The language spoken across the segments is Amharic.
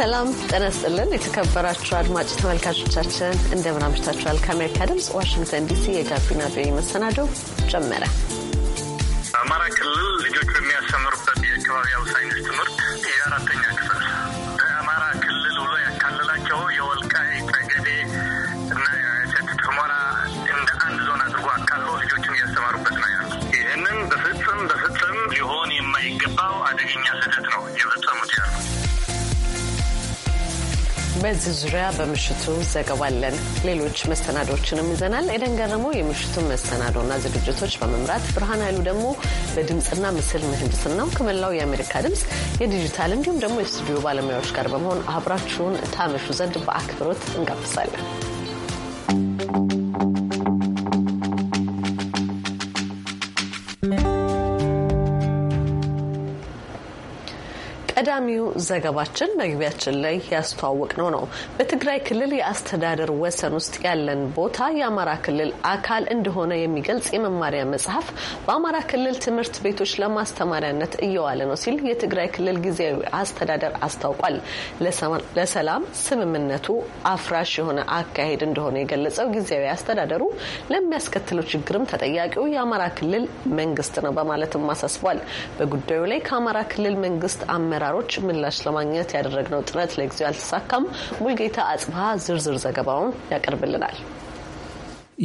ሰላም ጤና ይስጥልን። የተከበራችሁ አድማጭ ተመልካቾቻችን እንደምን አምሽታችኋል? ከአሜሪካ ድምፅ ዋሽንግተን ዲሲ የጋቢና ቪኦኤ መሰናዶው ጀመረ። አማራ ክልል ልጆቹ የሚያስተምሩበት የአካባቢ ሳይንስ በዚህ ዙሪያ በምሽቱ ዘገባለን ሌሎች መሰናዶዎችንም ይዘናል። ኤደን ገረሞ የምሽቱን መሰናዶና ዝግጅቶች በመምራት ብርሃን ኃይሉ ደግሞ በድምፅና ምስል ምህንድስናው ከመላው የአሜሪካ ድምፅ የዲጂታል እንዲሁም ደግሞ የስቱዲዮ ባለሙያዎች ጋር በመሆን አብራችሁን ታመሹ ዘንድ በአክብሮት እንጋብዛለን። ቀዳሚው ዘገባችን መግቢያችን ላይ ያስተዋወቅ ነው ነው በትግራይ ክልል የአስተዳደር ወሰን ውስጥ ያለን ቦታ የአማራ ክልል አካል እንደሆነ የሚገልጽ የመማሪያ መጽሐፍ በአማራ ክልል ትምህርት ቤቶች ለማስተማሪያነት እየዋለ ነው ሲል የትግራይ ክልል ጊዜያዊ አስተዳደር አስታውቋል። ለሰላም ስምምነቱ አፍራሽ የሆነ አካሄድ እንደሆነ የገለጸው ጊዜያዊ አስተዳደሩ ለሚያስከትለው ችግርም ተጠያቂው የአማራ ክልል መንግስት ነው በማለትም አሳስቧል። በጉዳዩ ላይ ከአማራ ክልል መንግስት አመራር አጋሮች ምላሽ ለማግኘት ያደረግነው ጥረት ለጊዜው አልተሳካም። ሙልጌታ አጽብሃ ዝርዝር ዘገባውን ያቀርብልናል።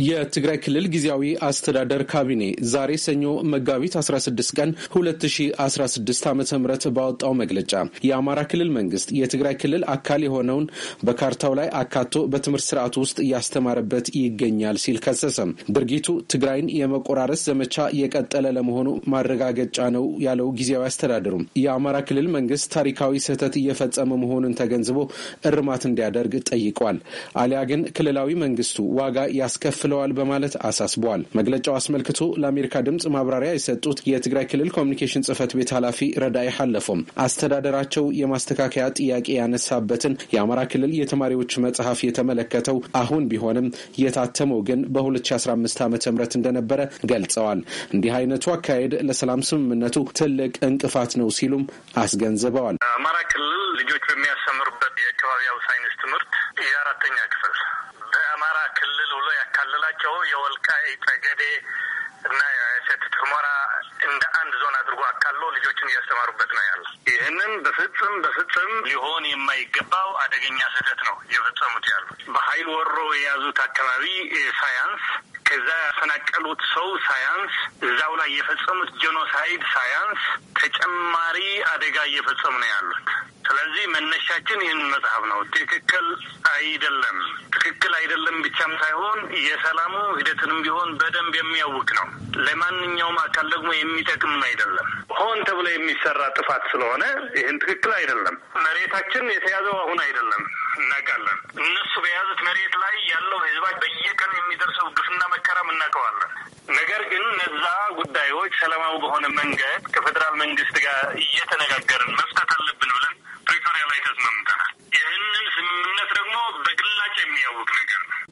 የትግራይ ክልል ጊዜያዊ አስተዳደር ካቢኔ ዛሬ ሰኞ መጋቢት 16 ቀን 2016 ዓ ም ባወጣው መግለጫ የአማራ ክልል መንግስት የትግራይ ክልል አካል የሆነውን በካርታው ላይ አካቶ በትምህርት ስርዓቱ ውስጥ እያስተማረበት ይገኛል ሲል ከሰሰም። ድርጊቱ ትግራይን የመቆራረስ ዘመቻ የቀጠለ ለመሆኑ ማረጋገጫ ነው ያለው ጊዜያዊ አስተዳደሩም የአማራ ክልል መንግስት ታሪካዊ ስህተት እየፈጸመ መሆኑን ተገንዝቦ እርማት እንዲያደርግ ጠይቋል። አሊያ ግን ክልላዊ መንግስቱ ዋጋ ያስከፍ ከፍለዋል በማለት አሳስቧል። መግለጫው አስመልክቶ ለአሜሪካ ድምፅ ማብራሪያ የሰጡት የትግራይ ክልል ኮሚኒኬሽን ጽህፈት ቤት ኃላፊ ረዳይ ሀለፎም አስተዳደራቸው የማስተካከያ ጥያቄ ያነሳበትን የአማራ ክልል የተማሪዎች መጽሐፍ የተመለከተው አሁን ቢሆንም የታተመው ግን በ2015 ዓ ም እንደነበረ ገልጸዋል። እንዲህ አይነቱ አካሄድ ለሰላም ስምምነቱ ትልቅ እንቅፋት ነው ሲሉም አስገንዝበዋል። አማራ ክልል ልጆች በሚያስተምሩበት የአካባቢያዊ ሳይንስ ትምህርት የአራተኛ ክፍል በአማራ ክልል ላይ ያካለ የምንላቸው የወልቃይ ጠገዴ እና የሰቲት ሁመራ እንደ አንድ ዞን አድርጎ አካሎ ልጆችን እያስተማሩበት ነው ያለ። ይህንን በፍጹም በፍጹም ሊሆን የማይገባው አደገኛ ስህተት ነው የፈጸሙት ያሉ በኃይል ወሮ የያዙት አካባቢ ሳያንስ፣ ከዛ ያፈናቀሉት ሰው ሳያንስ፣ እዛው ላይ የፈጸሙት ጄኖሳይድ ሳያንስ ተጨማሪ አደጋ እየፈጸሙ ነው ያሉት። ስለዚህ መነሻችን ይህን መጽሐፍ ነው። ትክክል አይደለም ትክክል አይደለም ብቻም ሳይሆን የሰላሙ ሂደትንም ቢሆን በደንብ የሚያውቅ ነው። ለማንኛውም አካል ደግሞ የሚጠቅም አይደለም። ሆን ተብሎ የሚሰራ ጥፋት ስለሆነ ይህን ትክክል አይደለም። መሬታችን የተያዘው አሁን አይደለም እናውቃለን። እነሱ በያዙት መሬት ላይ ያለው ህዝባች በየቀን የሚደርሰው ግፍና መከራም እናውቀዋለን። ነገር ግን እነዛ ጉዳዮች ሰላማዊ በሆነ መንገድ ከፌዴራል መንግስት ጋር እየተነጋገርን መፍታት አለብን። nunca.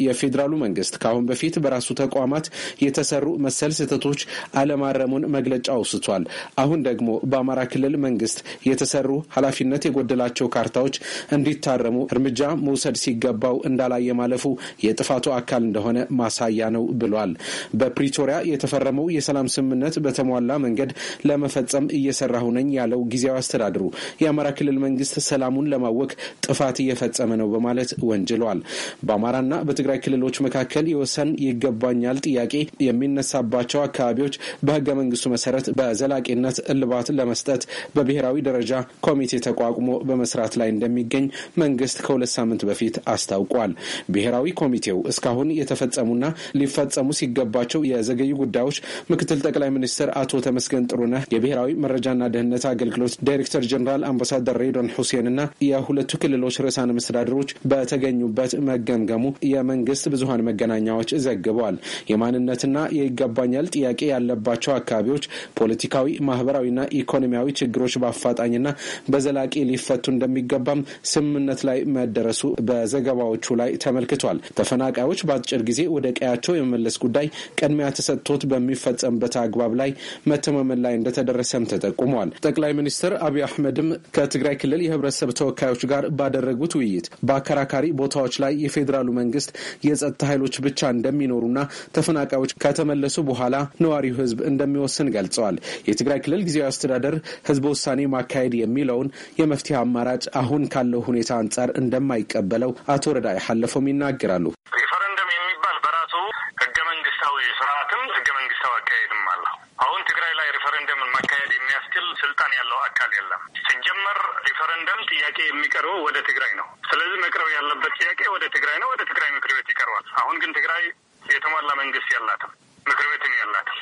የፌዴራሉ መንግስት ከአሁን በፊት በራሱ ተቋማት የተሰሩ መሰል ስህተቶች አለማረሙን መግለጫ አውስቷል። አሁን ደግሞ በአማራ ክልል መንግስት የተሰሩ ኃላፊነት የጎደላቸው ካርታዎች እንዲታረሙ እርምጃ መውሰድ ሲገባው እንዳላየ ማለፉ የጥፋቱ አካል እንደሆነ ማሳያ ነው ብሏል። በፕሪቶሪያ የተፈረመው የሰላም ስምምነት በተሟላ መንገድ ለመፈጸም እየሰራሁ ነኝ ያለው ጊዜያዊ አስተዳድሩ የአማራ ክልል መንግስት ሰላሙን ለማወክ ጥፋት እየፈጸመ ነው በማለት ወንጅሏል። በአማራና በትግራይ በትግራይ ክልሎች መካከል የወሰን ይገባኛል ጥያቄ የሚነሳባቸው አካባቢዎች በህገ መንግስቱ መሰረት በዘላቂነት እልባት ለመስጠት በብሔራዊ ደረጃ ኮሚቴ ተቋቁሞ በመስራት ላይ እንደሚገኝ መንግስት ከሁለት ሳምንት በፊት አስታውቋል። ብሔራዊ ኮሚቴው እስካሁን የተፈጸሙና ሊፈጸሙ ሲገባቸው የዘገዩ ጉዳዮች ምክትል ጠቅላይ ሚኒስትር አቶ ተመስገን ጥሩነህ፣ የብሔራዊ መረጃና ደህንነት አገልግሎት ዳይሬክተር ጀኔራል አምባሳደር ሬድዋን ሁሴንና የሁለቱ ክልሎች ርዕሳነ መስተዳድሮች በተገኙበት መገምገሙ የመንግስት መንግስት ብዙሀን መገናኛዎች ዘግበዋል። የማንነትና የይገባኛል ጥያቄ ያለባቸው አካባቢዎች ፖለቲካዊ፣ ማህበራዊና ኢኮኖሚያዊ ችግሮች በአፋጣኝና በዘላቂ ሊፈቱ እንደሚገባም ስምምነት ላይ መደረሱ በዘገባዎቹ ላይ ተመልክቷል። ተፈናቃዮች በአጭር ጊዜ ወደ ቀያቸው የመመለስ ጉዳይ ቅድሚያ ተሰጥቶት በሚፈጸምበት አግባብ ላይ መተማመን ላይ እንደተደረሰም ተጠቁመዋል። ጠቅላይ ሚኒስትር አብይ አህመድም ከትግራይ ክልል የህብረተሰብ ተወካዮች ጋር ባደረጉት ውይይት በአከራካሪ ቦታዎች ላይ የፌዴራሉ መንግስት የጸጥታ ኃይሎች ብቻ እንደሚኖሩና ተፈናቃዮች ከተመለሱ በኋላ ነዋሪው ህዝብ እንደሚወስን ገልጸዋል። የትግራይ ክልል ጊዜያዊ አስተዳደር ህዝበ ውሳኔ ማካሄድ የሚለውን የመፍትሄ አማራጭ አሁን ካለው ሁኔታ አንጻር እንደማይቀበለው አቶ ረዳይ ሀለፎም ይናገራሉ። ጥያቄ የሚቀርበው ወደ ትግራይ ነው። ስለዚህ መቅረብ ያለበት ጥያቄ ወደ ትግራይ ነው፣ ወደ ትግራይ ምክር ቤት ይቀርባል። አሁን ግን ትግራይ የተሟላ መንግስት ያላትም ምክር ቤትም ያላትም።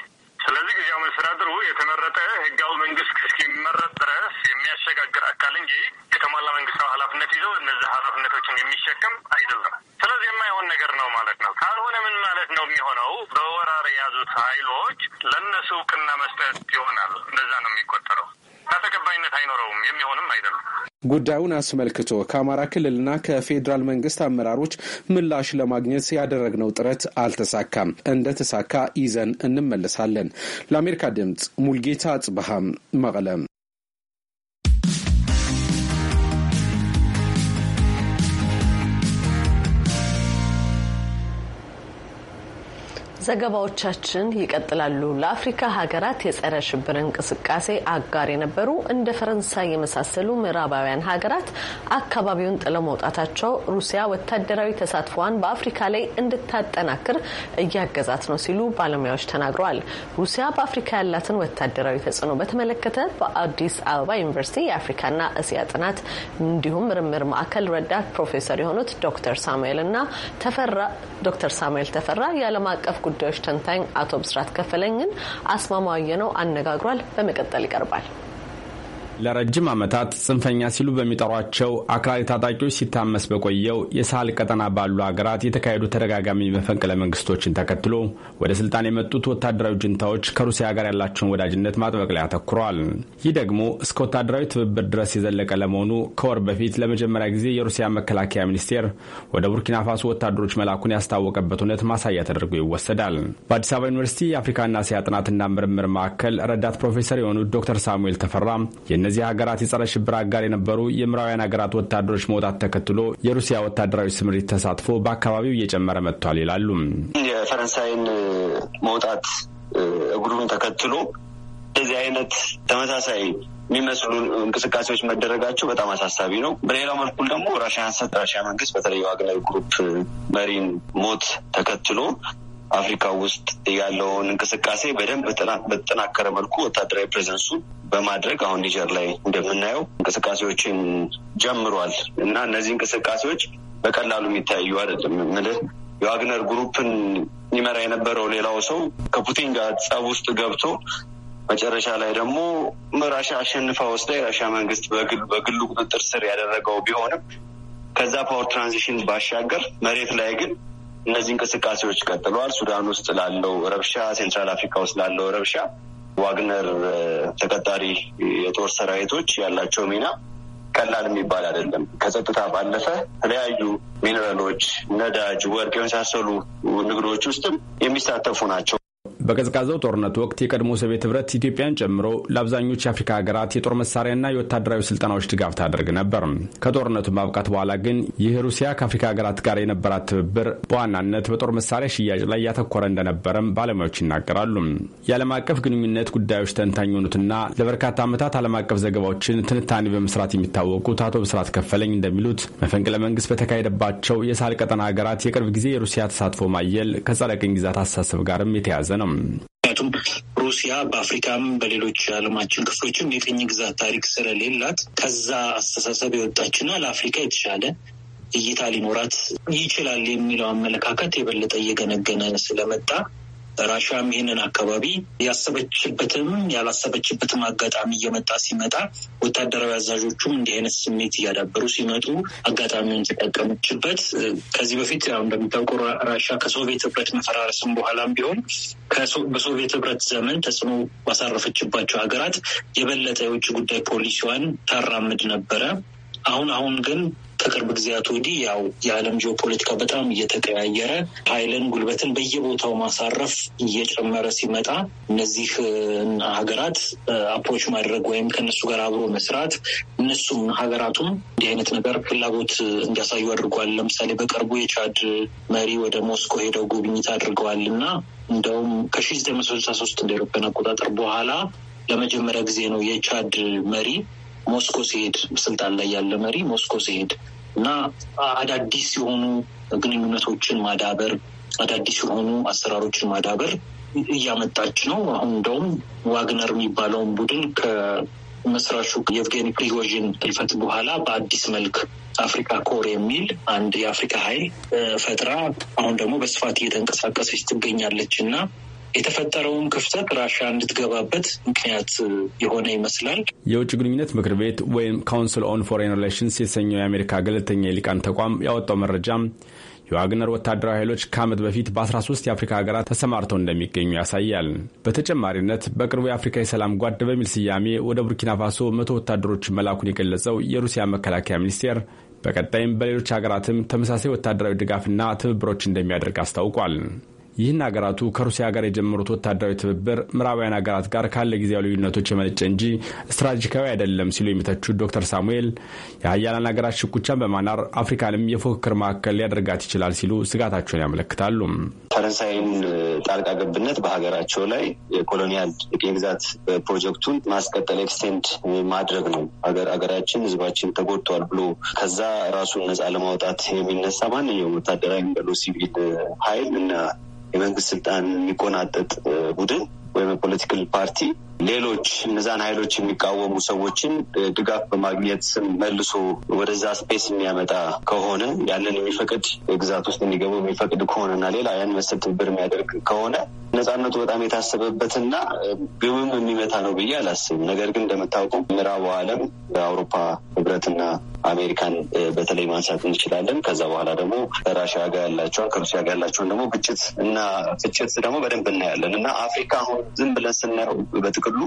ስለዚህ ጊዜያዊ መስተዳድሩ የተመረጠ ህጋዊ መንግስት እስኪመረጥ ድረስ የሚያሸጋግር አካል እንጂ የተሟላ መንግስታዊ ኃላፊነት ይዘው እነዚህ ኃላፊነቶችን የሚሸከም አይደለም። ስለዚህ የማይሆን ነገር ነው ማለት ነው። ካልሆነ ምን ማለት ነው የሚሆነው? በወራር የያዙት ኃይሎች ለእነሱ እውቅና መስጠት ይሆናል። እንደዛ ነው የሚቆጠረው። ተቀባይነት አይኖረውም፣ የሚሆንም አይደሉም። ጉዳዩን አስመልክቶ ከአማራ ክልልና ከፌዴራል መንግስት አመራሮች ምላሽ ለማግኘት ያደረግነው ጥረት አልተሳካም። እንደተሳካ ይዘን እንመለሳለን። ለአሜሪካ ድምፅ ሙልጌታ አጽበሃም መቀለም ዘገባዎቻችን ይቀጥላሉ። ለአፍሪካ ሀገራት የጸረ ሽብር እንቅስቃሴ አጋር የነበሩ እንደ ፈረንሳይ የመሳሰሉ ምዕራባውያን ሀገራት አካባቢውን ጥለው መውጣታቸው ሩሲያ ወታደራዊ ተሳትፎዋን በአፍሪካ ላይ እንድታጠናክር እያገዛት ነው ሲሉ ባለሙያዎች ተናግረዋል። ሩሲያ በአፍሪካ ያላትን ወታደራዊ ተጽዕኖ በተመለከተ በአዲስ አበባ ዩኒቨርሲቲ የአፍሪካና እስያ ጥናት እንዲሁም ምርምር ማዕከል ረዳት ፕሮፌሰር የሆኑት ዶክተር ሳሙኤል እና ዶክተር ሳሙኤል ተፈራ የዓለም አቀፍ ጉዳዮች ተንታኝ አቶ ብስራት ከፈለኝን አስማማው ነው አነጋግሯል። በመቀጠል ይቀርባል። ለረጅም ዓመታት ጽንፈኛ ሲሉ በሚጠሯቸው አክራሪ ታጣቂዎች ሲታመስ በቆየው የሳህል ቀጠና ባሉ አገራት የተካሄዱ ተደጋጋሚ መፈንቅለ መንግስቶችን ተከትሎ ወደ ስልጣን የመጡት ወታደራዊ ጁንታዎች ከሩሲያ ጋር ያላቸውን ወዳጅነት ማጥበቅ ላይ አተኩረዋል። ይህ ደግሞ እስከ ወታደራዊ ትብብር ድረስ የዘለቀ ለመሆኑ ከወር በፊት ለመጀመሪያ ጊዜ የሩሲያ መከላከያ ሚኒስቴር ወደ ቡርኪና ፋሶ ወታደሮች መላኩን ያስታወቀበት እውነት ማሳያ ተደርጎ ይወሰዳል። በአዲስ አበባ ዩኒቨርሲቲ የአፍሪካና እስያ ጥናትና ምርምር ማዕከል ረዳት ፕሮፌሰር የሆኑት ዶክተር ሳሙኤል ተፈራ ከእነዚህ ሀገራት የጸረ ሽብር አጋር የነበሩ የምዕራባውያን ሀገራት ወታደሮች መውጣት ተከትሎ የሩሲያ ወታደራዊ ስምሪት ተሳትፎ በአካባቢው እየጨመረ መጥቷል ይላሉ። የፈረንሳይን መውጣት እግሩን ተከትሎ እንደዚህ አይነት ተመሳሳይ የሚመስሉ እንቅስቃሴዎች መደረጋቸው በጣም አሳሳቢ ነው። በሌላው መልኩል ደግሞ ራሽያ መንግስት በተለይ ዋግነር ግሩፕ መሪን ሞት ተከትሎ አፍሪካ ውስጥ ያለውን እንቅስቃሴ በደንብ በተጠናከረ መልኩ ወታደራዊ ፕሬዘንሱ በማድረግ አሁን ኒጀር ላይ እንደምናየው እንቅስቃሴዎችን ጀምሯል እና እነዚህ እንቅስቃሴዎች በቀላሉ የሚታዩ አይደለም። ምልህ የዋግነር ግሩፕን ይመራ የነበረው ሌላው ሰው ከፑቲን ጋር ጸብ ውስጥ ገብቶ መጨረሻ ላይ ደግሞ ራሻ አሸንፋ ወስዳ የራሻ መንግስት በግሉ ቁጥጥር ስር ያደረገው ቢሆንም ከዛ ፓወር ትራንዚሽን ባሻገር መሬት ላይ ግን እነዚህ እንቅስቃሴዎች ቀጥለዋል። ሱዳን ውስጥ ላለው ረብሻ፣ ሴንትራል አፍሪካ ውስጥ ላለው ረብሻ ዋግነር ተቀጣሪ የጦር ሰራዊቶች ያላቸው ሚና ቀላል የሚባል አይደለም። ከጸጥታ ባለፈ የተለያዩ ሚኔራሎች፣ ነዳጅ፣ ወርቅ የመሳሰሉ ንግዶች ውስጥም የሚሳተፉ ናቸው። በቀዝቃዛው ጦርነት ወቅት የቀድሞ ሶቪየት ህብረት ኢትዮጵያን ጨምሮ ለአብዛኞቹ የአፍሪካ ሀገራት የጦር መሳሪያና የወታደራዊ ስልጠናዎች ድጋፍ ታደርግ ነበር። ከጦርነቱ ማብቃት በኋላ ግን ይህ ሩሲያ ከአፍሪካ ሀገራት ጋር የነበራት ትብብር በዋናነት በጦር መሳሪያ ሽያጭ ላይ ያተኮረ እንደነበረም ባለሙያዎች ይናገራሉ። የዓለም አቀፍ ግንኙነት ጉዳዮች ተንታኝ የሆኑትና ለበርካታ ዓመታት ዓለም አቀፍ ዘገባዎችን ትንታኔ በመስራት የሚታወቁት አቶ ብስራት ከፈለኝ እንደሚሉት መፈንቅለ መንግስት በተካሄደባቸው የሳህል ቀጠና ሀገራት የቅርብ ጊዜ የሩሲያ ተሳትፎ ማየል ከጸረ ቅኝ ግዛት አስተሳሰብ ጋርም የተያዘ ነው። ምክንያቱም ሩሲያ በአፍሪካም በሌሎች የዓለማችን ክፍሎችም የቅኝ ግዛት ታሪክ ስለሌላት ከዛ አስተሳሰብ የወጣችና ለአፍሪካ የተሻለ እይታ ሊኖራት ይችላል የሚለው አመለካከት የበለጠ እየገነገነ ስለመጣ ራሽያም ይህንን አካባቢ ያሰበችበትም ያላሰበችበትም አጋጣሚ እየመጣ ሲመጣ ወታደራዊ አዛዦቹም እንዲህ አይነት ስሜት እያዳበሩ ሲመጡ አጋጣሚውን ተጠቀመችበት። ከዚህ በፊት እንደሚታወቀው ራሽያ ከሶቪየት ህብረት መፈራረስም በኋላም ቢሆን በሶቪየት ህብረት ዘመን ተጽዕኖ ባሳረፈችባቸው ሀገራት የበለጠ የውጭ ጉዳይ ፖሊሲዋን ታራምድ ነበረ። አሁን አሁን ግን ከቅርብ ጊዜያት ወዲህ ያው የዓለም ጂኦፖለቲካ በጣም እየተቀያየረ ኃይልን፣ ጉልበትን በየቦታው ማሳረፍ እየጨመረ ሲመጣ እነዚህ ሀገራት አፕሮች ማድረግ ወይም ከነሱ ጋር አብሮ መስራት እነሱም ሀገራቱም እንዲህ አይነት ነገር ፍላጎት እንዲያሳዩ አድርጓል። ለምሳሌ በቅርቡ የቻድ መሪ ወደ ሞስኮ ሄደው ጉብኝት አድርገዋል እና እንደውም ከሺ ዘጠኝ መቶ ስልሳ ሶስት እንደ አውሮፓውያን አቆጣጠር በኋላ ለመጀመሪያ ጊዜ ነው የቻድ መሪ ሞስኮ ሲሄድ ስልጣን ላይ ያለ መሪ ሞስኮ ሲሄድ እና አዳዲስ የሆኑ ግንኙነቶችን ማዳበር አዳዲስ የሆኑ አሰራሮችን ማዳበር እያመጣች ነው። አሁን እንደውም ዋግነር የሚባለውን ቡድን ከመስራቹ የቭጌኒ ፕሪጎዥን ህልፈት በኋላ በአዲስ መልክ አፍሪካ ኮር የሚል አንድ የአፍሪካ ኃይል ፈጥራ አሁን ደግሞ በስፋት እየተንቀሳቀሰች ትገኛለች እና የተፈጠረውን ክፍተት ራሻ እንድትገባበት ምክንያት የሆነ ይመስላል። የውጭ ግንኙነት ምክር ቤት ወይም ካውንስል ኦን ፎሬን ሪሌሽንስ የተሰኘው የአሜሪካ ገለልተኛ የሊቃን ተቋም ያወጣው መረጃ የዋግነር ወታደራዊ ኃይሎች ከዓመት በፊት በ13 የአፍሪካ ሀገራት ተሰማርተው እንደሚገኙ ያሳያል። በተጨማሪነት በቅርቡ የአፍሪካ የሰላም ጓድ በሚል ስያሜ ወደ ቡርኪና ፋሶ መቶ ወታደሮች መላኩን የገለጸው የሩሲያ መከላከያ ሚኒስቴር በቀጣይም በሌሎች ሀገራትም ተመሳሳይ ወታደራዊ ድጋፍና ትብብሮች እንደሚያደርግ አስታውቋል። ይህን ሀገራቱ ከሩሲያ ጋር የጀመሩት ወታደራዊ ትብብር ምዕራባውያን ሀገራት ጋር ካለ ጊዜያዊ ልዩነቶች የመነጨ እንጂ ስትራቴጂካዊ አይደለም ሲሉ የሚተቹት ዶክተር ሳሙኤል የሀያላን ሀገራት ሽኩቻን በማናር አፍሪካንም የፉክክር ማዕከል ሊያደርጋት ይችላል ሲሉ ስጋታቸውን ያመለክታሉ። ፈረንሳይን ጣልቃ ገብነት በሀገራቸው ላይ የኮሎኒያል የግዛት ፕሮጀክቱን ማስቀጠል ኤክስቴንድ ማድረግ ነው። ሀገራችን ህዝባችን ተጎድቷል ብሎ ከዛ ራሱን ነጻ ለማውጣት የሚነሳ ማንኛውም ወታደራዊ ሲቪል ሀይል እና የመንግስት ስልጣን የሚቆናጠጥ ቡድን ወይም የፖለቲካል ፓርቲ ሌሎች እነዛን ኃይሎች የሚቃወሙ ሰዎችን ድጋፍ በማግኘት ስም መልሶ ወደዛ ስፔስ የሚያመጣ ከሆነ ያንን የሚፈቅድ ግዛት ውስጥ እንዲገቡ የሚፈቅድ ከሆነና ሌላ ያን መሰል ትብብር የሚያደርግ ከሆነ ነጻነቱ በጣም የታሰበበትና ግብም የሚመታ ነው ብዬ አላስብም። ነገር ግን እንደምታውቁ ምዕራቡ ዓለም በአውሮፓ ህብረትና አሜሪካን በተለይ ማንሳት እንችላለን። ከዛ በኋላ ደግሞ ራሽያ ጋር ያላቸውን ከሩሲያ ጋር ያላቸውን ደግሞ ግጭት እና ፍጭት ደግሞ በደንብ እናያለን እና አፍሪካ አሁን ዝም ብለን ስናየው በጥቅሉ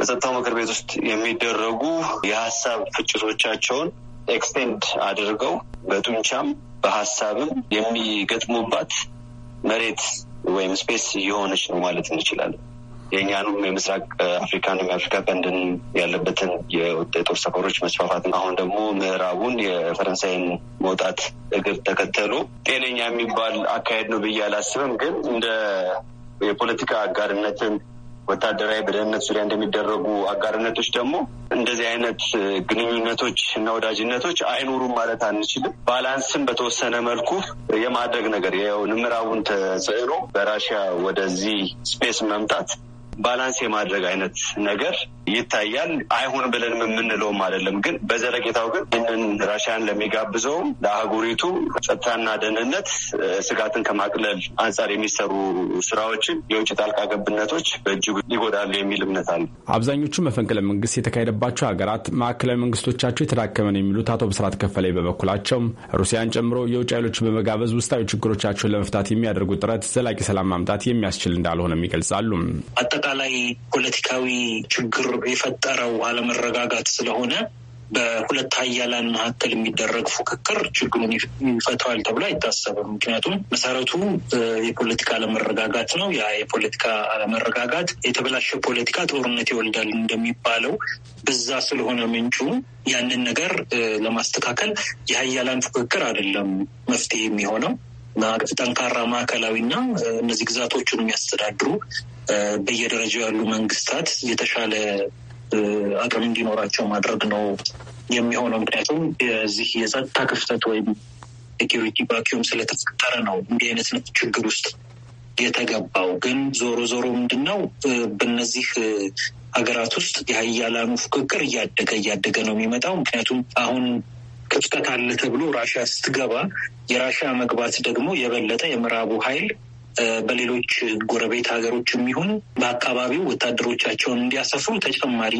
በጸጥታው ምክር ቤት ውስጥ የሚደረጉ የሀሳብ ፍጭቶቻቸውን ኤክስቴንድ አድርገው በጡንቻም በሀሳብም የሚገጥሙባት መሬት ወይም ስፔስ እየሆነች ነው ማለት እንችላለን። የእኛንም የምስራቅ አፍሪካን የአፍሪካ ቀንድን ያለበትን የጦር ሰፈሮች መስፋፋት፣ አሁን ደግሞ ምዕራቡን የፈረንሳይን መውጣት እግር ተከተሉ ጤነኛ የሚባል አካሄድ ነው ብዬ አላስብም። ግን እንደ የፖለቲካ አጋርነትን ወታደራዊ በደህንነት ዙሪያ እንደሚደረጉ አጋርነቶች ደግሞ እንደዚህ አይነት ግንኙነቶች እና ወዳጅነቶች አይኖሩም ማለት አንችልም። ባላንስም በተወሰነ መልኩ የማድረግ ነገር ምዕራቡን ተጽዕኖ በራሽያ ወደዚህ ስፔስ መምጣት ባላንስ የማድረግ አይነት ነገር ይታያል። አይሁን ብለን የምንለውም አይደለም፣ ግን በዘለቄታው ግን ይህንን ራሽያን ለሚጋብዘውም ለአህጉሪቱ ጸጥታና ደህንነት ስጋትን ከማቅለል አንጻር የሚሰሩ ስራዎችን የውጭ ጣልቃ ገብነቶች በእጅጉ ይጎዳሉ የሚል እምነት አለ። አብዛኞቹ መፈንቅለ መንግስት የተካሄደባቸው ሀገራት ማዕከላዊ መንግስቶቻቸው የተዳከመ ነው የሚሉት አቶ ብስራት ከፈላይ በበኩላቸው ሩሲያን ጨምሮ የውጭ ኃይሎችን በመጋበዝ ውስጣዊ ችግሮቻቸውን ለመፍታት የሚያደርጉ ጥረት ዘላቂ ሰላም ማምጣት የሚያስችል እንዳልሆነም ይገልጻሉ። አጠቃላይ ፖለቲካዊ ችግር የፈጠረው አለመረጋጋት ስለሆነ በሁለት ሀያላን መካከል የሚደረግ ፉክክር ችግሩን ይፈተዋል ተብሎ አይታሰብም። ምክንያቱም መሰረቱ የፖለቲካ አለመረጋጋት ነው። ያ የፖለቲካ አለመረጋጋት የተበላሸ ፖለቲካ ጦርነት ይወልዳል እንደሚባለው በዛ ስለሆነ ምንጩ ያንን ነገር ለማስተካከል የሀያላን ፉክክር አይደለም መፍትሄ የሚሆነው ጠንካራ ማዕከላዊና እነዚህ ግዛቶቹን የሚያስተዳድሩ በየደረጃው ያሉ መንግስታት የተሻለ አቅም እንዲኖራቸው ማድረግ ነው የሚሆነው። ምክንያቱም የዚህ የጸጥታ ክፍተት ወይም ሴኪሪቲ ቫኪዩም ስለተፈጠረ ነው እንዲህ አይነት ችግር ውስጥ የተገባው። ግን ዞሮ ዞሮ ምንድን ነው በነዚህ ሀገራት ውስጥ የሀያላኑ ፉክክር እያደገ እያደገ ነው የሚመጣው። ምክንያቱም አሁን ክፍተት አለ ተብሎ ራሽያ ስትገባ የራሽያ መግባት ደግሞ የበለጠ የምዕራቡ ኃይል በሌሎች ጎረቤት ሀገሮች የሚሆን በአካባቢው ወታደሮቻቸውን እንዲያሰፍሩ ተጨማሪ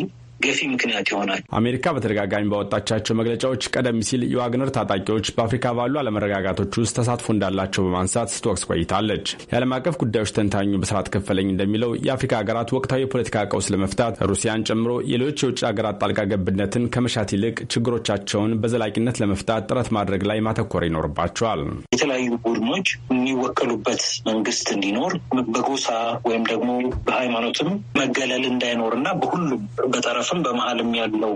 ገፊ ምክንያት ይሆናል። አሜሪካ በተደጋጋሚ ባወጣቻቸው መግለጫዎች ቀደም ሲል የዋግነር ታጣቂዎች በአፍሪካ ባሉ አለመረጋጋቶች ውስጥ ተሳትፎ እንዳላቸው በማንሳት ስትወቅስ ቆይታለች። የዓለም አቀፍ ጉዳዮች ተንታኙ በስርዓት ከፈለኝ እንደሚለው የአፍሪካ ሀገራት ወቅታዊ የፖለቲካ ቀውስ ለመፍታት ሩሲያን ጨምሮ የሌሎች የውጭ ሀገራት ጣልቃ ገብነትን ከመሻት ይልቅ ችግሮቻቸውን በዘላቂነት ለመፍታት ጥረት ማድረግ ላይ ማተኮር ይኖርባቸዋል። የተለያዩ ቡድኖች የሚወከሉበት መንግስት እንዲኖር በጎሳ ወይም ደግሞ በሃይማኖትም መገለል እንዳይኖር እና በሁሉም በጠረፍ በውስጥም በመሀልም ያለው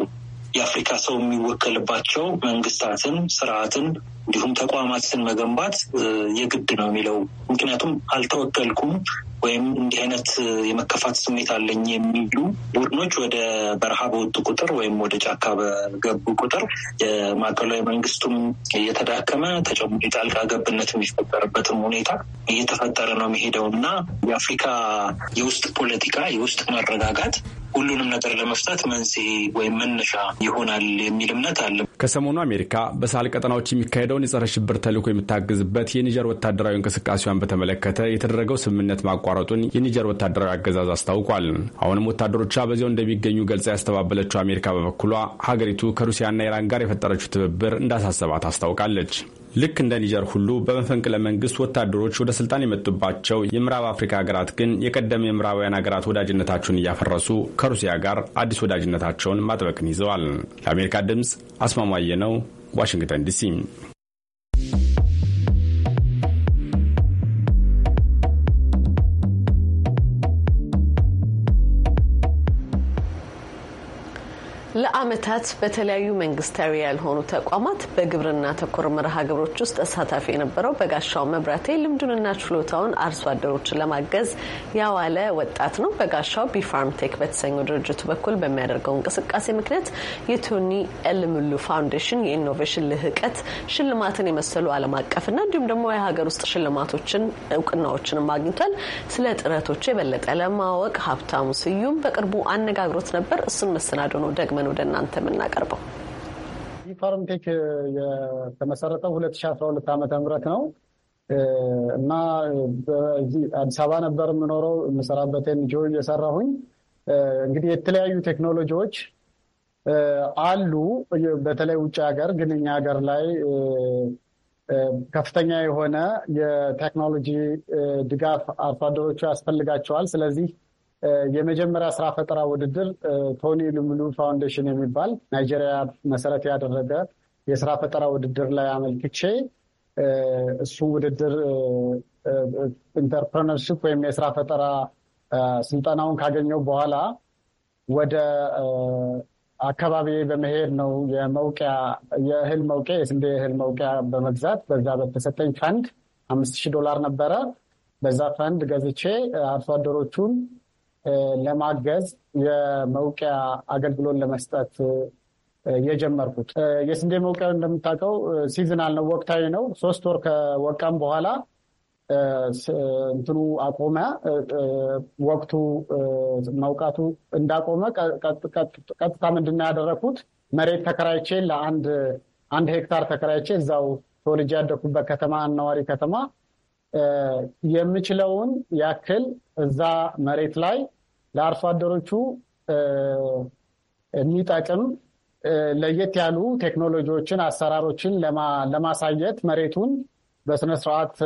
የአፍሪካ ሰው የሚወከልባቸው መንግስታትን፣ ስርዓትን እንዲሁም ተቋማትን መገንባት የግድ ነው የሚለው ምክንያቱም አልተወከልኩም ወይም እንዲህ አይነት የመከፋት ስሜት አለኝ የሚሉ ቡድኖች ወደ በረሃ በወጡ ቁጥር ወይም ወደ ጫካ በገቡ ቁጥር የማዕከላዊ መንግስቱም እየተዳከመ ተጨማሪ ጣልቃ ገብነት የሚፈጠርበትም ሁኔታ እየተፈጠረ ነው የሚሄደው እና የአፍሪካ የውስጥ ፖለቲካ የውስጥ መረጋጋት ሁሉንም ነገር ለመፍታት መንስኤ ወይም መነሻ ይሆናል የሚል እምነት አለ። ከሰሞኑ አሜሪካ በሳህል ቀጠናዎች የሚካሄደውን የጸረ ሽብር ተልዕኮ የምታግዝበት የኒጀር ወታደራዊ እንቅስቃሴዋን በተመለከተ የተደረገው ስምምነት ማቋረጡን የኒጀር ወታደራዊ አገዛዝ አስታውቋል። አሁንም ወታደሮቿ በዚያው እንደሚገኙ ገልጻ ያስተባበለችው አሜሪካ በበኩሏ ሀገሪቱ ከሩሲያና ኢራን ጋር የፈጠረችው ትብብር እንዳሳሰባት አስታውቃለች። ልክ እንደ ኒጀር ሁሉ በመፈንቅለ መንግስት ወታደሮች ወደ ስልጣን የመጡባቸው የምዕራብ አፍሪካ ሀገራት ግን የቀደመ የምዕራባውያን ሀገራት ወዳጅነታቸውን እያፈረሱ ከሩሲያ ጋር አዲስ ወዳጅነታቸውን ማጥበቅን ይዘዋል። ለአሜሪካ ድምፅ አስማማየ ነው፣ ዋሽንግተን ዲሲ። ለአመታት በተለያዩ መንግስታዊ ያልሆኑ ተቋማት በግብርና ተኮር መርሃ ግብሮች ውስጥ ተሳታፊ የነበረው በጋሻው መብራቴ ልምዱንና ችሎታውን አርሶ አደሮችን ለማገዝ ያዋለ ወጣት ነው። በጋሻው ቢፋርም ቴክ በተሰኘው ድርጅቱ በኩል በሚያደርገው እንቅስቃሴ ምክንያት የቶኒ ኤልምሉ ፋውንዴሽን የኢኖቬሽን ልህቀት ሽልማትን የመሰሉ ዓለም አቀፍና እንዲሁም ደግሞ የሀገር ውስጥ ሽልማቶችን እውቅናዎችንም አግኝቷል። ስለ ጥረቶቹ የበለጠ ለማወቅ ሀብታሙ ስዩም በቅርቡ አነጋግሮት ነበር። እሱን መሰናዶ ነው ደግመን ወደ እናንተ የምናቀርበው? ኢንፎርምቴክ የተመሰረተው 2012 ዓ ምህረት ነው እና አዲስ አበባ ነበር የምኖረው የምሰራበት ኤንጂኦ እየሰራሁኝ እንግዲህ የተለያዩ ቴክኖሎጂዎች አሉ። በተለይ ውጭ ሀገር ግን እኛ ሀገር ላይ ከፍተኛ የሆነ የቴክኖሎጂ ድጋፍ አርሶ አደሮቹ ያስፈልጋቸዋል። ስለዚህ የመጀመሪያ ስራ ፈጠራ ውድድር ቶኒ ልምሉ ፋውንዴሽን የሚባል ናይጄሪያ መሰረት ያደረገ የስራ ፈጠራ ውድድር ላይ አመልክቼ እሱ ውድድር ኢንተርፕረነርሽፕ ወይም የስራ ፈጠራ ስልጠናውን ካገኘው በኋላ ወደ አካባቢ በመሄድ ነው የመውቂያ የእህል መውቂያ የስንዴ እህል መውቂያ በመግዛት በዛ በተሰጠኝ ፈንድ አምስት ሺህ ዶላር ነበረ። በዛ ፈንድ ገዝቼ አርሶ አደሮቹን ለማገዝ የመውቂያ አገልግሎት ለመስጠት የጀመርኩት። የስንዴ መውቂያ እንደምታውቀው ሲዝናል ነው፣ ወቅታዊ ነው። ሶስት ወር ከወቃም በኋላ እንትኑ አቆመ። ወቅቱ መውቃቱ እንዳቆመ ቀጥታ ምንድን ነው ያደረኩት? መሬት ተከራይቼ ለአንድ አንድ ሄክታር ተከራይቼ እዛው ተወልጄ ያደኩበት ከተማ ነዋሪ ከተማ የምችለውን ያክል እዛ መሬት ላይ ለአርሶ አደሮቹ የሚጠቅም ለየት ያሉ ቴክኖሎጂዎችን፣ አሰራሮችን ለማሳየት መሬቱን በስነስርዓት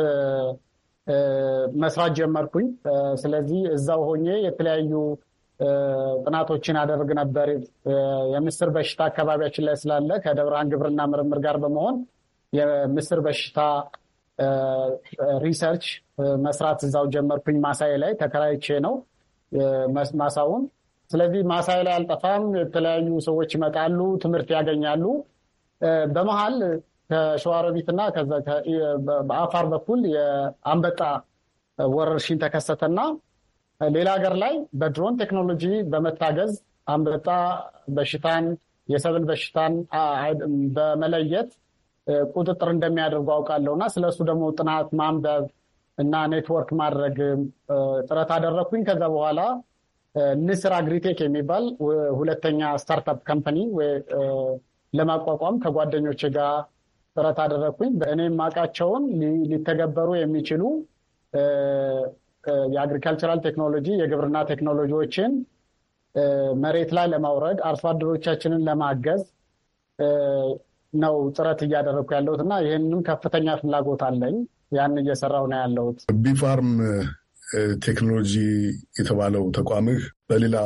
መስራት ጀመርኩኝ። ስለዚህ እዛው ሆኜ የተለያዩ ጥናቶችን አደርግ ነበር። የምስር በሽታ አካባቢያችን ላይ ስላለ ከደብረ ግብርና ምርምር ጋር በመሆን የምስር በሽታ ሪሰርች መስራት እዛው ጀመርኩኝ። ማሳዬ ላይ ተከራይቼ ነው ማሳውን። ስለዚህ ማሳይ ላይ አልጠፋም። የተለያዩ ሰዎች ይመጣሉ፣ ትምህርት ያገኛሉ። በመሀል ከሸዋሮቢትና በአፋር በኩል የአንበጣ ወረርሽኝ ተከሰተና ሌላ ሀገር ላይ በድሮን ቴክኖሎጂ በመታገዝ አንበጣ በሽታን የሰብል በሽታን በመለየት ቁጥጥር እንደሚያደርጉ አውቃለሁ እና ስለሱ ደግሞ ጥናት ማንበብ እና ኔትወርክ ማድረግ ጥረት አደረግኩኝ። ከዛ በኋላ ንስር አግሪቴክ የሚባል ሁለተኛ ስታርታፕ ካምፓኒ ለማቋቋም ከጓደኞች ጋር ጥረት አደረግኩኝ። እኔም ማቃቸውን ሊተገበሩ የሚችሉ የአግሪካልቸራል ቴክኖሎጂ የግብርና ቴክኖሎጂዎችን መሬት ላይ ለማውረድ አርሶ አደሮቻችንን ለማገዝ ነው ጥረት እያደረግኩ ያለሁት እና ይህንም ከፍተኛ ፍላጎት አለኝ። ያን እየሰራው ነው ያለሁት። ቢፋርም ቴክኖሎጂ የተባለው ተቋምህ በሌላ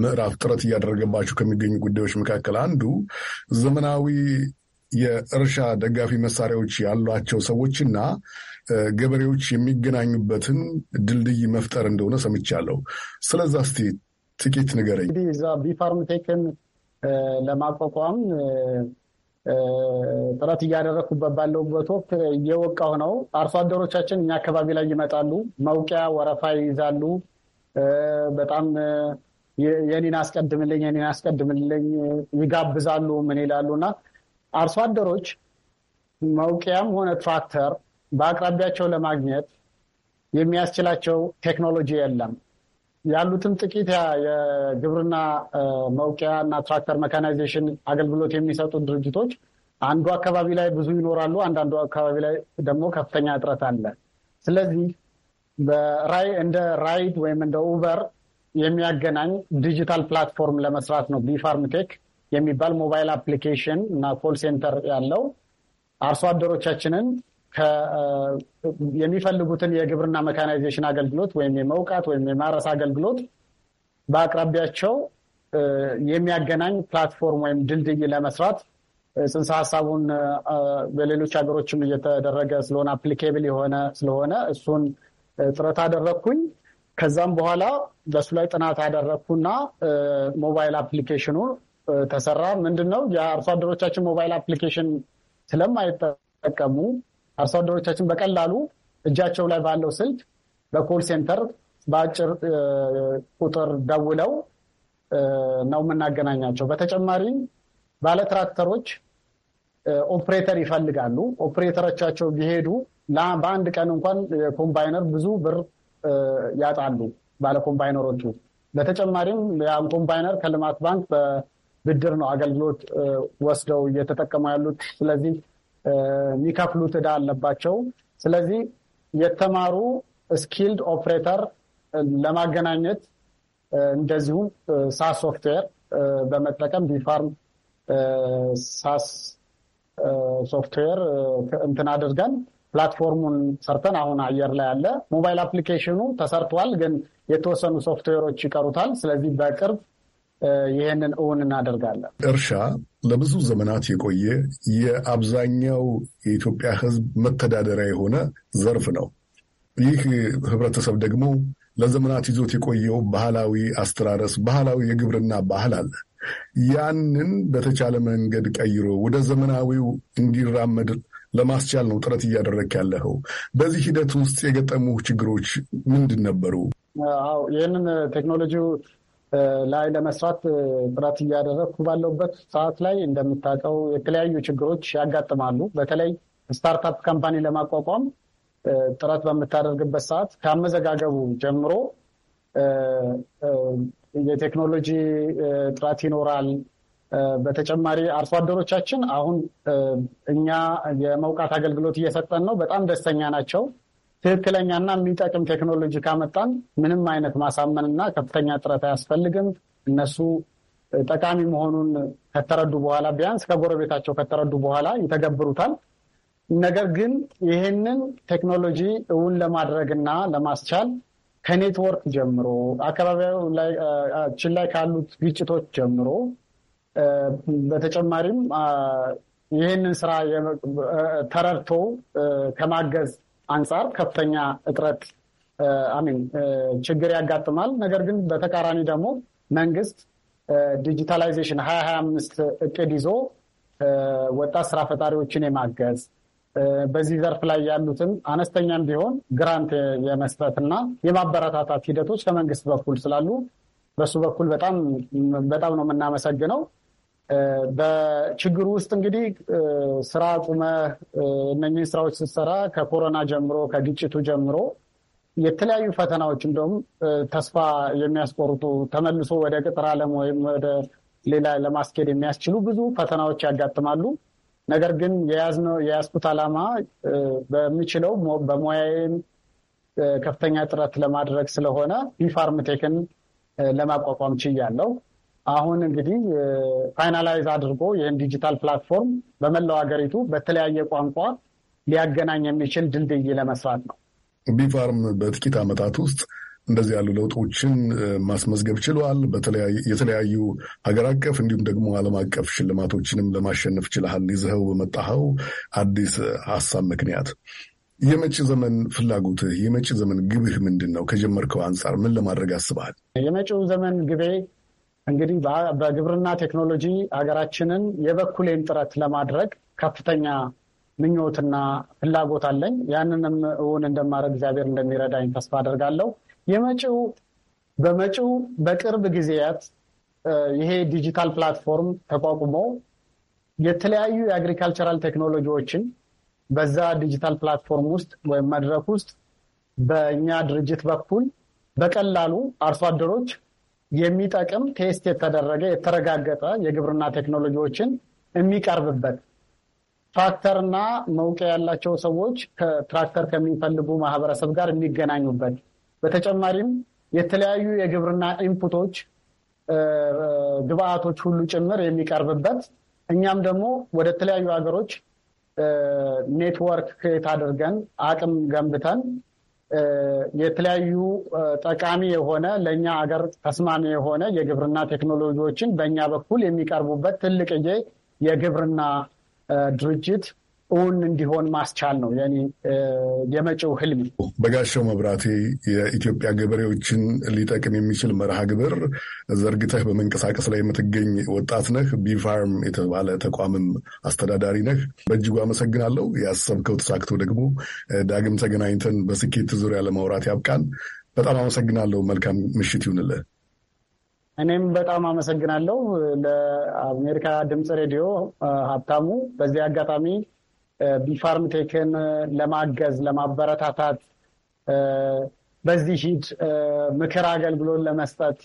ምዕራፍ ጥረት እያደረገባቸው ከሚገኙ ጉዳዮች መካከል አንዱ ዘመናዊ የእርሻ ደጋፊ መሳሪያዎች ያሏቸው ሰዎችና ገበሬዎች የሚገናኙበትን ድልድይ መፍጠር እንደሆነ ሰምቻለሁ። ስለዛ እስቲ ጥቂት ንገረኝ። እንግዲህ እዛ ቢፋርም ቴክን ለማቋቋም ጥረት እያደረግኩበት ባለሁበት ወቅት እየወቃሁ ነው። አርሶ አደሮቻችን እኛ አካባቢ ላይ ይመጣሉ፣ መውቂያ ወረፋ ይይዛሉ። በጣም የኔን አስቀድምልኝ፣ የኔን አስቀድምልኝ ይጋብዛሉ። ምን ይላሉ እና አርሶ አደሮች መውቂያም ሆነ ትራክተር በአቅራቢያቸው ለማግኘት የሚያስችላቸው ቴክኖሎጂ የለም። ያሉትም ጥቂት የግብርና መውቂያ እና ትራክተር መካናይዜሽን አገልግሎት የሚሰጡ ድርጅቶች አንዱ አካባቢ ላይ ብዙ ይኖራሉ፣ አንዳንዱ አካባቢ ላይ ደግሞ ከፍተኛ እጥረት አለ። ስለዚህ በራይ እንደ ራይድ ወይም እንደ ኡበር የሚያገናኝ ዲጂታል ፕላትፎርም ለመስራት ነው ቢፋርምቴክ የሚባል ሞባይል አፕሊኬሽን እና ኮል ሴንተር ያለው አርሶ አደሮቻችንን የሚፈልጉትን የግብርና መካናይዜሽን አገልግሎት ወይም የመውቃት ወይም የማረስ አገልግሎት በአቅራቢያቸው የሚያገናኝ ፕላትፎርም ወይም ድልድይ ለመስራት ጽንሰ ሀሳቡን በሌሎች ሀገሮችም እየተደረገ ስለሆነ አፕሊኬብል የሆነ ስለሆነ እሱን ጥረት አደረግኩኝ። ከዛም በኋላ በእሱ ላይ ጥናት አደረግኩና ሞባይል አፕሊኬሽኑ ተሰራ። ምንድን ነው የአርሶ አደሮቻችን ሞባይል አፕሊኬሽን ስለማይጠቀሙ አርሶ አደሮቻችን በቀላሉ እጃቸው ላይ ባለው ስልክ በኮል ሴንተር በአጭር ቁጥር ደውለው ነው የምናገናኛቸው። በተጨማሪም ባለ ትራክተሮች ኦፕሬተር ይፈልጋሉ። ኦፕሬተሮቻቸው ቢሄዱ በአንድ ቀን እንኳን ኮምባይነር ብዙ ብር ያጣሉ ባለ ኮምባይነሮቹ። በተጨማሪም ያን ኮምባይነር ከልማት ባንክ በብድር ነው አገልግሎት ወስደው እየተጠቀሙ ያሉት። ስለዚህ የሚከፍሉት ዕዳ አለባቸው። ስለዚህ የተማሩ ስኪልድ ኦፕሬተር ለማገናኘት እንደዚሁም ሳስ ሶፍትዌር በመጠቀም ቢፋርም ሳስ ሶፍትዌር እንትን አድርገን ፕላትፎርሙን ሰርተን አሁን አየር ላይ ያለ ሞባይል አፕሊኬሽኑ ተሰርቷል፣ ግን የተወሰኑ ሶፍትዌሮች ይቀሩታል። ስለዚህ በቅርብ ይህንን እውን እናደርጋለን። እርሻ ለብዙ ዘመናት የቆየ የአብዛኛው የኢትዮጵያ ሕዝብ መተዳደሪያ የሆነ ዘርፍ ነው። ይህ ህብረተሰብ ደግሞ ለዘመናት ይዞት የቆየው ባህላዊ አስተራረስ፣ ባህላዊ የግብርና ባህል አለ። ያንን በተቻለ መንገድ ቀይሮ ወደ ዘመናዊው እንዲራመድ ለማስቻል ነው ጥረት እያደረግ ያለኸው። በዚህ ሂደት ውስጥ የገጠሙ ችግሮች ምንድን ነበሩ? ይህንን ቴክኖሎጂው ላይ ለመስራት ጥረት እያደረግኩ ባለውበት ሰዓት ላይ እንደምታውቀው የተለያዩ ችግሮች ያጋጥማሉ። በተለይ ስታርታፕ ካምፓኒ ለማቋቋም ጥረት በምታደርግበት ሰዓት ከአመዘጋገቡ ጀምሮ የቴክኖሎጂ ጥረት ይኖራል። በተጨማሪ አርሶ አደሮቻችን አሁን እኛ የመውቃት አገልግሎት እየሰጠን ነው፣ በጣም ደስተኛ ናቸው። ትክክለኛና የሚጠቅም ቴክኖሎጂ ካመጣን ምንም አይነት ማሳመንና ከፍተኛ ጥረት አያስፈልግም። እነሱ ጠቃሚ መሆኑን ከተረዱ በኋላ ቢያንስ ከጎረቤታቸው ከተረዱ በኋላ ይተገብሩታል። ነገር ግን ይህንን ቴክኖሎጂ እውን ለማድረግና ለማስቻል ከኔትወርክ ጀምሮ አካባቢያችን ላይ ካሉት ግጭቶች ጀምሮ በተጨማሪም ይህንን ስራ ተረድቶ ከማገዝ አንጻር ከፍተኛ እጥረት አሚን ችግር ያጋጥማል። ነገር ግን በተቃራኒ ደግሞ መንግስት ዲጂታላይዜሽን ሀያ ሀያ አምስት እቅድ ይዞ ወጣት ስራ ፈጣሪዎችን የማገዝ በዚህ ዘርፍ ላይ ያሉትን አነስተኛም ቢሆን ግራንት የመስጠትና የማበረታታት ሂደቶች ከመንግስት በኩል ስላሉ በሱ በኩል በጣም በጣም ነው የምናመሰግነው። በችግሩ ውስጥ እንግዲህ ስራ ቁመህ እነኚህን ስራዎች ስትሰራ ከኮሮና ጀምሮ ከግጭቱ ጀምሮ የተለያዩ ፈተናዎች እንደውም ተስፋ የሚያስቆርጡ ተመልሶ ወደ ቅጥር ዓለም ወይም ወደ ሌላ ለማስኬድ የሚያስችሉ ብዙ ፈተናዎች ያጋጥማሉ። ነገር ግን የያዝኩት ዓላማ በሚችለው በሙያዬም ከፍተኛ ጥረት ለማድረግ ስለሆነ ቢፋርምቴክን ለማቋቋም ችያለሁ። አሁን እንግዲህ ፋይናላይዝ አድርጎ ይህን ዲጂታል ፕላትፎርም በመላው ሀገሪቱ በተለያየ ቋንቋ ሊያገናኝ የሚችል ድልድይ ለመስራት ነው። ቢፋርም በጥቂት ዓመታት ውስጥ እንደዚህ ያሉ ለውጦችን ማስመዝገብ ችሏል። የተለያዩ ሀገር አቀፍ እንዲሁም ደግሞ ዓለም አቀፍ ሽልማቶችንም ለማሸነፍ ችልሃል። ይዘኸው በመጣኸው አዲስ ሀሳብ ምክንያት የመጪ ዘመን ፍላጎትህ፣ የመጪ ዘመን ግብህ ምንድን ነው? ከጀመርከው አንጻር ምን ለማድረግ አስበሃል? የመጪው ዘመን ግቤ እንግዲህ በግብርና ቴክኖሎጂ ሀገራችንን የበኩሌን ጥረት ለማድረግ ከፍተኛ ምኞትና ፍላጎት አለኝ። ያንንም እውን እንደማድረግ እግዚአብሔር እንደሚረዳኝ ተስፋ አደርጋለሁ። የመጪው በመጪው በቅርብ ጊዜያት ይሄ ዲጂታል ፕላትፎርም ተቋቁሞ የተለያዩ የአግሪካልቸራል ቴክኖሎጂዎችን በዛ ዲጂታል ፕላትፎርም ውስጥ ወይም መድረክ ውስጥ በእኛ ድርጅት በኩል በቀላሉ አርሶ አደሮች የሚጠቅም ቴስት የተደረገ የተረጋገጠ የግብርና ቴክኖሎጂዎችን የሚቀርብበት ትራክተርና መውቂያ ያላቸው ሰዎች ትራክተር ከሚፈልጉ ማህበረሰብ ጋር የሚገናኙበት በተጨማሪም የተለያዩ የግብርና ኢንፑቶች ግብአቶች ሁሉ ጭምር የሚቀርብበት እኛም ደግሞ ወደ ተለያዩ ሀገሮች ኔትወርክ ክሬት አድርገን አቅም ገንብተን የተለያዩ ጠቃሚ የሆነ ለእኛ አገር ተስማሚ የሆነ የግብርና ቴክኖሎጂዎችን በእኛ በኩል የሚቀርቡበት ትልቅዬ የግብርና ድርጅት እውን እንዲሆን ማስቻል ነው የኔ የመጪው ህልም። በጋሻው መብራቴ የኢትዮጵያ ገበሬዎችን ሊጠቅም የሚችል መርሃ ግብር ዘርግተህ በመንቀሳቀስ ላይ የምትገኝ ወጣት ነህ። ቢፋርም የተባለ ተቋምም አስተዳዳሪ ነህ። በእጅጉ አመሰግናለሁ። ያሰብከው ተሳክቶ ደግሞ ዳግም ተገናኝተን በስኬት ዙሪያ ለማውራት ያብቃን። በጣም አመሰግናለሁ። መልካም ምሽት ይሁንልህ። እኔም በጣም አመሰግናለሁ ለአሜሪካ ድምፅ ሬዲዮ ሀብታሙ። በዚህ አጋጣሚ ቴክን ለማገዝ ለማበረታታት በዚህ ሂድ ምክር አገልግሎት ለመስጠት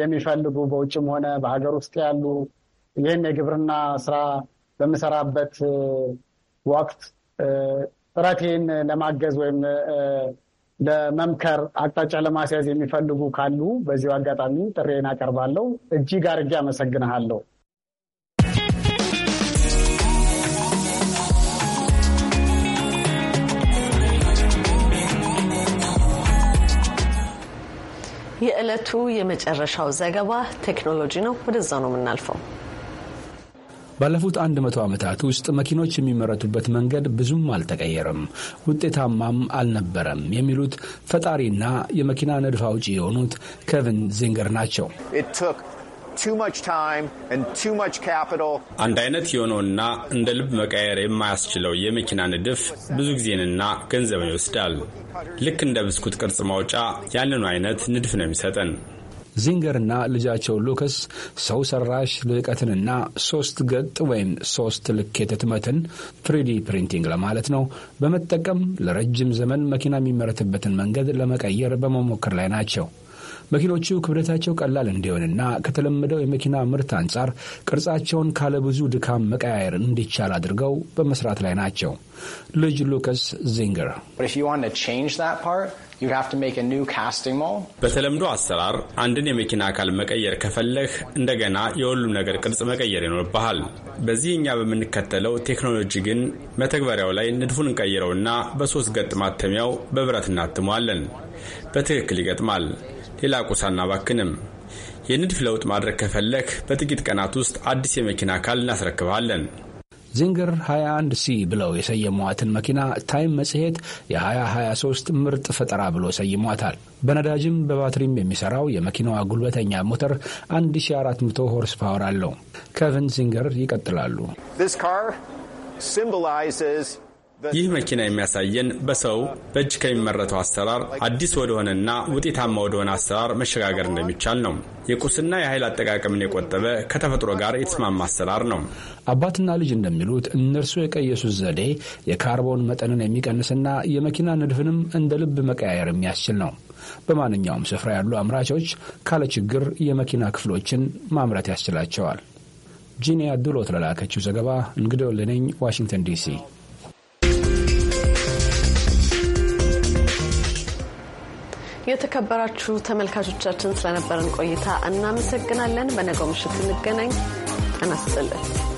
የሚፈልጉ በውጭም ሆነ በሀገር ውስጥ ያሉ ይህን የግብርና ስራ በምሰራበት ወቅት ጥረቴን ለማገዝ ወይም ለመምከር አቅጣጫ ለማስያዝ የሚፈልጉ ካሉ በዚሁ አጋጣሚ ጥሬን አቀርባለሁ። እጅግ አድርጌ አመሰግንሃለሁ። የዕለቱ የመጨረሻው ዘገባ ቴክኖሎጂ ነው። ወደዛ ነው የምናልፈው። ባለፉት አንድ መቶ ዓመታት ውስጥ መኪኖች የሚመረቱበት መንገድ ብዙም አልተቀየረም፣ ውጤታማም አልነበረም የሚሉት ፈጣሪና የመኪና ንድፍ አውጪ የሆኑት ኬቪን ዚንገር ናቸው። አንድ አይነት የሆነውና እንደ ልብ መቀየር የማያስችለው የመኪና ንድፍ ብዙ ጊዜንና ገንዘብን ይወስዳል። ልክ እንደ ብስኩት ቅርጽ ማውጫ ያንኑ አይነት ንድፍ ነው የሚሰጠን። ዚንገርና ልጃቸው ሉከስ ሰው ሰራሽ ልቀትንና ሶስት ገጥ ወይም ሶስት ልኬት ህትመትን ፍሪዲ ፕሪንቲንግ ለማለት ነው በመጠቀም ለረጅም ዘመን መኪና የሚመረትበትን መንገድ ለመቀየር በመሞከር ላይ ናቸው። መኪኖቹ ክብደታቸው ቀላል እንዲሆንና ከተለመደው የመኪና ምርት አንጻር ቅርጻቸውን ካለብዙ ድካም መቀያየር እንዲቻል አድርገው በመስራት ላይ ናቸው። ልጅ ሉከስ ዚንገር በተለምዶ አሰራር አንድን የመኪና አካል መቀየር ከፈለህ እንደገና የሁሉም ነገር ቅርጽ መቀየር ይኖርብሃል። በዚህ እኛ በምንከተለው ቴክኖሎጂ ግን መተግበሪያው ላይ ንድፉን እንቀይረውና በሶስት ገጥ ማተሚያው በብረት እናትመዋለን። በትክክል ይገጥማል። ሌላ ቁስ አናባክንም። የንድፍ ለውጥ ማድረግ ከፈለክ በጥቂት ቀናት ውስጥ አዲስ የመኪና አካል እናስረክብሃለን። ዚንገር 21 ሲ ብለው የሰየሟትን መኪና ታይም መጽሔት የ2023 ምርጥ ፈጠራ ብሎ ሰይሟታል። በነዳጅም በባትሪም የሚሰራው የመኪናዋ ጉልበተኛ ሞተር 1400 ሆርስ ፓወር አለው። ከቨን ዚንገር ይቀጥላሉ። ይህ መኪና የሚያሳየን በሰው በእጅ ከሚመረተው አሰራር አዲስ ወደሆነና ውጤታማ ወደሆነ አሰራር መሸጋገር እንደሚቻል ነው። የቁስና የኃይል አጠቃቀምን የቆጠበ ከተፈጥሮ ጋር የተስማማ አሰራር ነው። አባትና ልጅ እንደሚሉት እነርሱ የቀየሱት ዘዴ የካርቦን መጠንን የሚቀንስና የመኪና ንድፍንም እንደ ልብ መቀያየር የሚያስችል ነው። በማንኛውም ስፍራ ያሉ አምራቾች ካለ ችግር የመኪና ክፍሎችን ማምረት ያስችላቸዋል። ጂኒያ ዱሎ ለላከችው ዘገባ እንግዲ ወልነኝ ዋሽንግተን ዲሲ የተከበራችሁ ተመልካቾቻችን ስለነበረን ቆይታ እናመሰግናለን። በነገው ምሽት እንገናኝ። ጤና ይስጥልን።